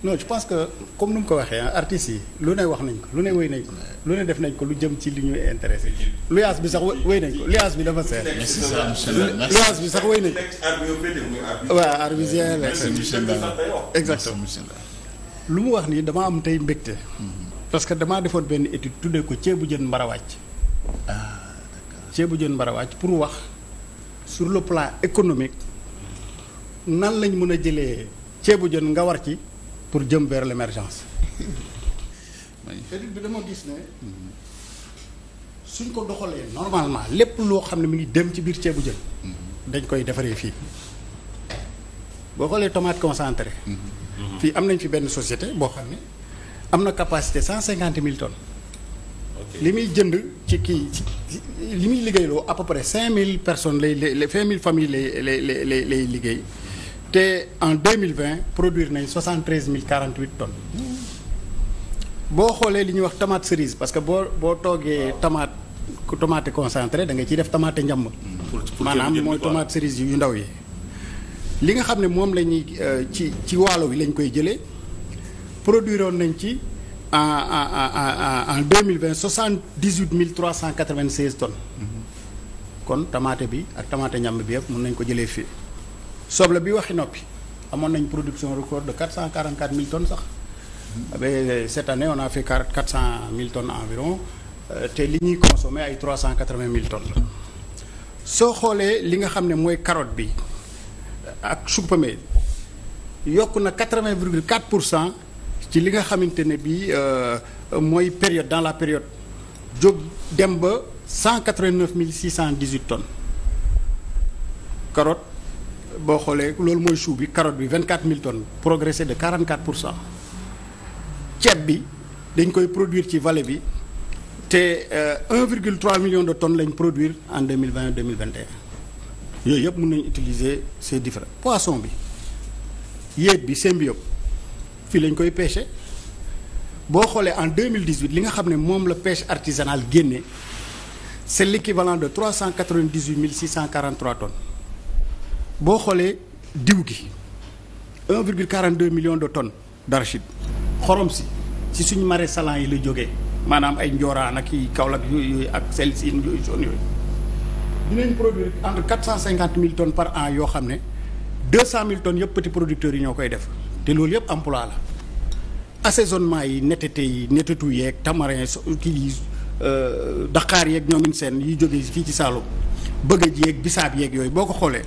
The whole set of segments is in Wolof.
non je que comme nu mu ko waxee artistes yi lu ne wax nañ ko lu ne wéy nañ ko lu ne def nañ ko lu jëm ci li ñuy intéressé luyaas bi sax wéy nañ ko luyaas bi dafa seer luyaas bi sax wéy nañ ko waaw arbitre exactement lu mu wax nii dama am tey mbégte parce que damaa defoon benn étude tuddee ko ceebu jën mbarawàcc ah, ceebu jën mbarawàcc pour wax sur le plan économique nan lañ mën a jëlee ceebu jën nga war ci pour jëm vers l' émergence. bi dama gis ne mm-hmm. suñ ko doxalee normalement lépp loo xam ne mi ngi dem ci biir ceebu jën. Mm-hmm. dañ koy defaree fii boo xoolee tomate concentré. Mm-hmm. fii am nañ fi benn société boo xam ne am na capacité cent cinquante mille ton li muy jënd ci kii li muy liggéeyloo à peu près cinq mille personnes lay lay cinq mille familles lay lay lay lay liggéey. te en deux mille 2020 produire nañ mille 73 048 tonnes boo xoolee li ñuy wax tomate cerise parce que boo boo toogee tomate tomate concentre da nga ciy def tomate njàmb mm. maanaam mooy tomate cerise yu ndaw yi li nga xam ne moom la ñuy euh, ci ci waalo bi lañ koy jëlee produire woon nañ ci en en en en 2020 78 396 tonnes mm-hmm. kon tomate bi ak tomate njàmb bi yëpp mën nañ ko jëlee fii soble bi waxi noppi amoon nañ production record de quatre cent quarante quatre mille tonnes sax. mais euh, cette année on a fait quatre cent mille tonnes environ euh, te li ñuy consommer ay cent quatre vingt mille tonnes la soo xoolee li nga xam ne mooy carotte bi euh, ak chou yokk na quatre vingt virgule quatre pour cent ci li nga xamante ne bii mooy période dans la période jóg dem ba cent quatre vingt mille six cent dix huit tonnes carotte. boo xoolee loolu mooy chou bi carotte bi vingt quatre mille tonnes progressé de quarante quatre pour cent ceeb bi dañ koy produir ci vallée bi te euh, un virgule trois million de tonnes lañ produire en mille vingt deux mille vingt yooyu yëpp mun nañ utiliser ces différents poisson bi yéet bi seen bi yëpp fii lañ koy pêcher boo xoolee en deux mille dix huit li nga xam ne moom la pêche artisanale génne c' est l' équivalent de trois cent quatre vingt dix huit mille six cent quarante trois tonnes. boo xoolee diw gi 1,42 million de tonnes d'arachide xorom si ci suñu marais salants yi la jógee maanaam ay Ndioraan ak i Kaolack yooyu ak sel siin yooyu zone yooyu dinañ produire entre 450 000 tonnes par an yoo xam ne deux 200 000 tonnes yëpp petits producteurs yi ñoo koy def te loolu yëpp emplois la assaisonnement yi netete yi netetu yeeg tamarin kii yi euh, daqaar yeeg ñoomin seen yi jóge fii ci Saloum bëggëj yeeg bisaab yeeg yooyu boo ko xoolee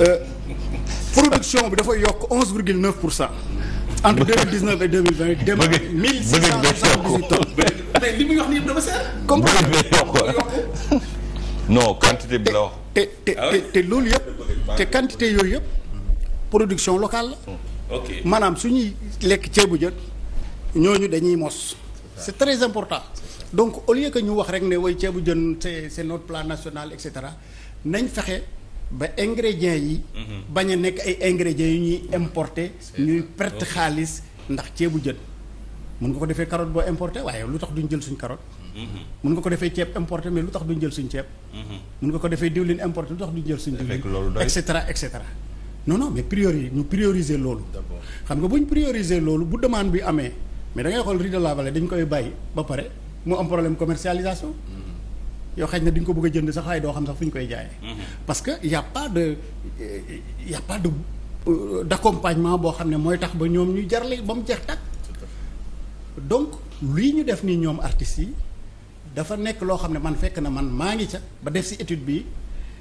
Euh, production bi dafa yokk onze virgule neuf pour cent. entre deux mille dix neuf et deux mille vingt dem mille six cent soixante-dix-huit tonnes. li muy wax nii yëpp dafa seer. comme non quantité bi la wax. te te ah te loolu yëpp. te quantité yooyu yëpp production locale la. ok maanaam su ñuy lekk ceebu jën ñooñu dañuy mos. c'est très important. donc au lieu que ñu wax rek ne way ceebu jën c'est c'est notre plan national et cetera nañ fexe. ba ingrédients yi. Mhm. bañ a nekk ay ingrédients yu ñuy importer. ñuy perte xaalis ndax ceebu jën. mun nga ko defee carotte boo importé waaye lu tax duñ jël suñ carotte. Mhm. mun nga ko defee ceeb importé lu tax duñ jël suñ ceeb. Mhm. mun nga ko defee diwlin importé lu tax duñ jël suñu diwlin. et cetera et cetera. non non mais priori ñu prioriser loolu. xam nga buñ prioriser loolu bu demande bi amee mais da ngay xool riz de la dañ koy bàyyi ba pare mu am problème commercialisation. yow xëy na di nga ko bëgg a jënd sax waaye doo xam sax fu ñu koy jaayee. Mm-hmm. parce que y' a pas de y' de euh, d' accompagnement boo xam ne mooy tax ba ñoom ñu jarle ba mu jeex tàkk. donc lii ñu def nii ñoom artistes yi dafa nekk loo xam ne man fekk na man maa ngi ca ba def si étude bi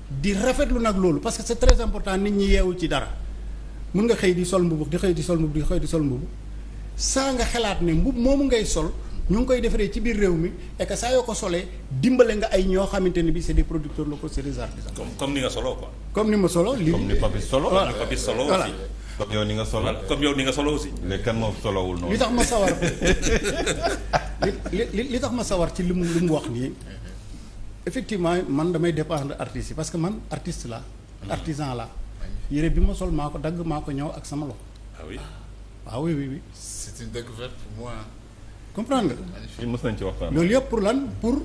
di rafetlu nag loolu parce que cest est très important nit ñi yeewul ci dara mun nga xëy di sol mbubu di xëy di sol mbubu di xëy di sol mbubu saa nga xalaat ne mbub moomu ngay sol. ñu ngi koy defaree ci biir réew mi et saa yoo ko solee dimbale nga ay ñoo xamante ni bi c'est des producteurs locaux c'est des artisans. comme comme ni nga solo quoi. comme ni ma solo li comme ni solo. voilà solo aussi. comme yow ni nga comme yow ni nga solo aussi. léegi kan moo solowul noonu. li tax ma sawar li tax ma sawar ci li mu li mu wax nii effectivement man damay dépendre artistes yi parce que man artiste la artisan la yére bi ma sol maa ko dagg maa ko ñëw ak sama loxo. ah oui ah oui comprendre nga. mës nañ ci waxtaan. loolu yëpp pour lan pour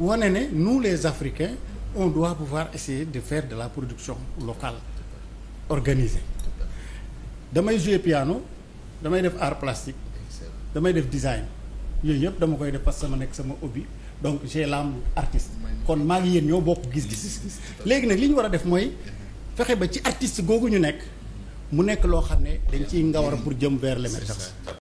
wane ne nous les Africains on doit pouvoir essayer de faire de la production locale organisée damay jouer piano damay def art plastique damay def design yooyu yëpp dama koy def parce que sama nekk sama hobby donc j'ai l'âme artiste kon maa ngi yéen ñoo bokk gis-gis léegi nag li ñu war a def mooy fexe ba ci artiste googu ñu nekk mu nekk loo xam ne dañ ciy ngawar pour jëm vers l'émergence